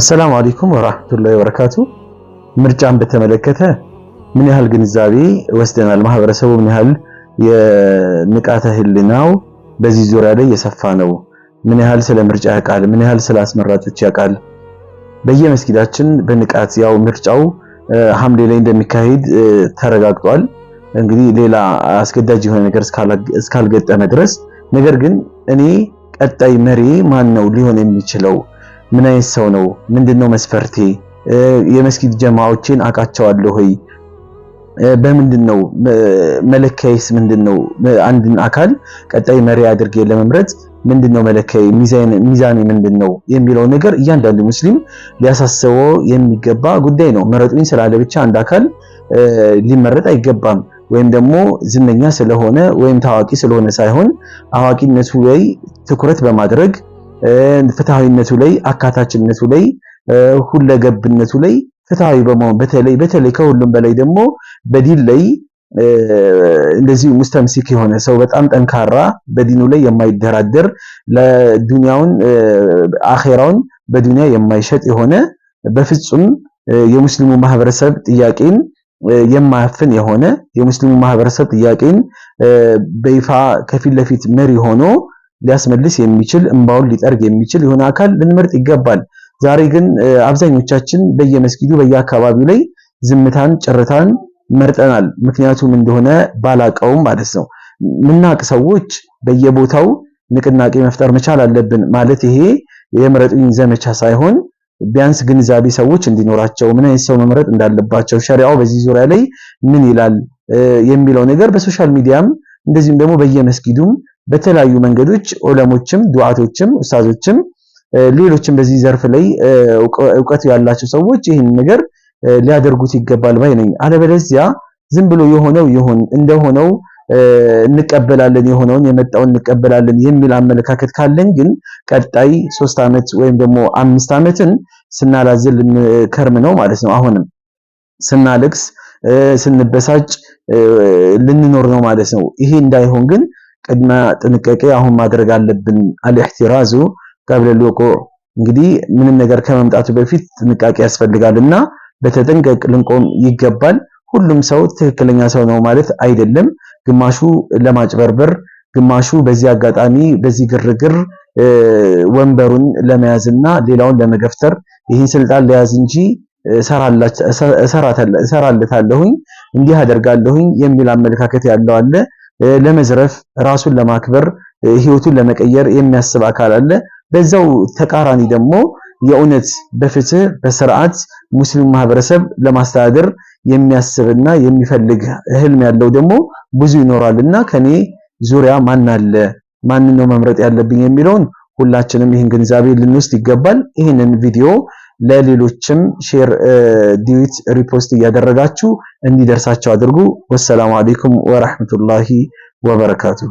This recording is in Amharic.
አሰላሙ አለይኩም ወራህመቱላሂ ወበረካቱ። ምርጫን በተመለከተ ምን ያህል ግንዛቤ ወስደናል? ማህበረሰቡ ምን ያህል የንቃተ ህሊናው በዚህ ዙሪያ ላይ የሰፋ ነው? ምን ያህል ስለ ምርጫ ያውቃል? ምን ያህል ስለ አስመራጮች ያውቃል? በየመስጊዳችን በንቃት ያው ምርጫው ሐምሌ ላይ እንደሚካሄድ ተረጋግጧል። እንግዲህ ሌላ አስገዳጅ የሆነ ነገር እስካልገጠመ ድረስ ነገር ግን እኔ ቀጣይ መሪ ማን ነው ሊሆን የሚችለው ምን አይነት ሰው ነው? ምንድነው መስፈርቴ? የመስጊድ ጀማዎችን አውቃቸዋለሁ ሆይ በምንድን ነው መለኪያዬስ ምንድን ነው? አንድን አካል ቀጣይ መሪ አድርጌ ለመምረጥ ምንድን ነው መለኪያዬ፣ ሚዛኔ ምንድን ነው የሚለው ነገር እያንዳንዱ ሙስሊም ሊያሳስበው የሚገባ ጉዳይ ነው። መረጡኝ ስላለ ብቻ አንድ አካል ሊመረጥ አይገባም። ወይም ደግሞ ዝነኛ ስለሆነ ወይም ታዋቂ ስለሆነ ሳይሆን አዋቂነቱ ላይ ትኩረት በማድረግ ፍትሃዊነቱ ላይ አካታችነቱ ላይ ሁለገብነቱ ላይ ፍትሃዊ በመሆን በተለይ በተለይ ከሁሉም በላይ ደግሞ በዲን ላይ እንደዚሁ ሙስተምሲክ የሆነ ሰው በጣም ጠንካራ በዲኑ ላይ የማይደራደር ለዱንያውን አኼራውን በዱንያ የማይሸጥ የሆነ በፍጹም የሙስሊሙ ማህበረሰብ ጥያቄን የማያፍን የሆነ የሙስሊሙ ማህበረሰብ ጥያቄን በይፋ ከፊት ለፊት መሪ ሆኖ ሊያስመልስ የሚችል እንባውን ሊጠርግ የሚችል የሆነ አካል ልንመርጥ ይገባል። ዛሬ ግን አብዛኞቻችን በየመስጊዱ በየአካባቢው ላይ ዝምታን፣ ጭርታን መርጠናል። ምክንያቱም እንደሆነ ባላቀውም ማለት ነው። ምናቅ ሰዎች በየቦታው ንቅናቄ መፍጠር መቻል አለብን ማለት ይሄ የምረጡኝ ዘመቻ ሳይሆን ቢያንስ ግንዛቤ ሰዎች እንዲኖራቸው ምን አይነት ሰው መምረጥ እንዳለባቸው ሸሪዓው በዚህ ዙሪያ ላይ ምን ይላል የሚለው ነገር በሶሻል ሚዲያም እንደዚሁም ደግሞ በየመስጊዱም በተለያዩ መንገዶች ዑለሞችም ዱዓቶችም ኡስታዞችም ሌሎችም በዚህ ዘርፍ ላይ እውቀት ያላቸው ሰዎች ይህን ነገር ሊያደርጉት ይገባል ባይ ነኝ። አለበለዚያ ዝም ብሎ የሆነው ይሁን እንደሆነው እንቀበላለን የሆነውን የመጣውን እንቀበላለን የሚል አመለካከት ካለን ግን ቀጣይ ሶስት ዓመት ወይም ደግሞ አምስት ዓመትን ስናላዝል ከርም ነው ማለት ነው። አሁንም ስናለቅስ ስንበሳጭ ልንኖር ነው ማለት ነው። ይሄ እንዳይሆን ግን ቅድመ ጥንቃቄ አሁን ማድረግ አለብን። አልኢህቲራዙ ቀብለ ልውቁዕ እንግዲህ ምንም ነገር ከመምጣቱ በፊት ጥንቃቄ ያስፈልጋልና በተጠንቀቅ ልንቆም ይገባል። ሁሉም ሰው ትክክለኛ ሰው ነው ማለት አይደለም። ግማሹ ለማጭበርበር፣ ግማሹ በዚህ አጋጣሚ በዚህ ግርግር ወንበሩን ለመያዝና ሌላውን ለመገፍተር ይህን ስልጣን ለያዝ እንጂ እሰራለታለሁኝ እንዲህ አደርጋለሁኝ የሚል አመለካከት ያለው አለ። ለመዝረፍ ራሱን ለማክበር ህይወቱን ለመቀየር የሚያስብ አካል አለ። በዛው ተቃራኒ ደግሞ የእውነት በፍትህ በስርዓት ሙስሊም ማህበረሰብ ለማስተዳደር የሚያስብና የሚፈልግ ህልም ያለው ደግሞ ብዙ ይኖራልና ከኔ ዙሪያ ማን አለ ማንን ነው መምረጥ ያለብኝ የሚለውን ሁላችንም ይህን ግንዛቤ ልንወስድ ይገባል። ይህንን ቪዲዮ ለሌሎችም ሼር ዲዊት ሪፖስት እያደረጋችሁ እንዲደርሳቸው አድርጉ። ወሰላሙ አሌይኩም ወራህመቱላሂ ወበረካቱሁ።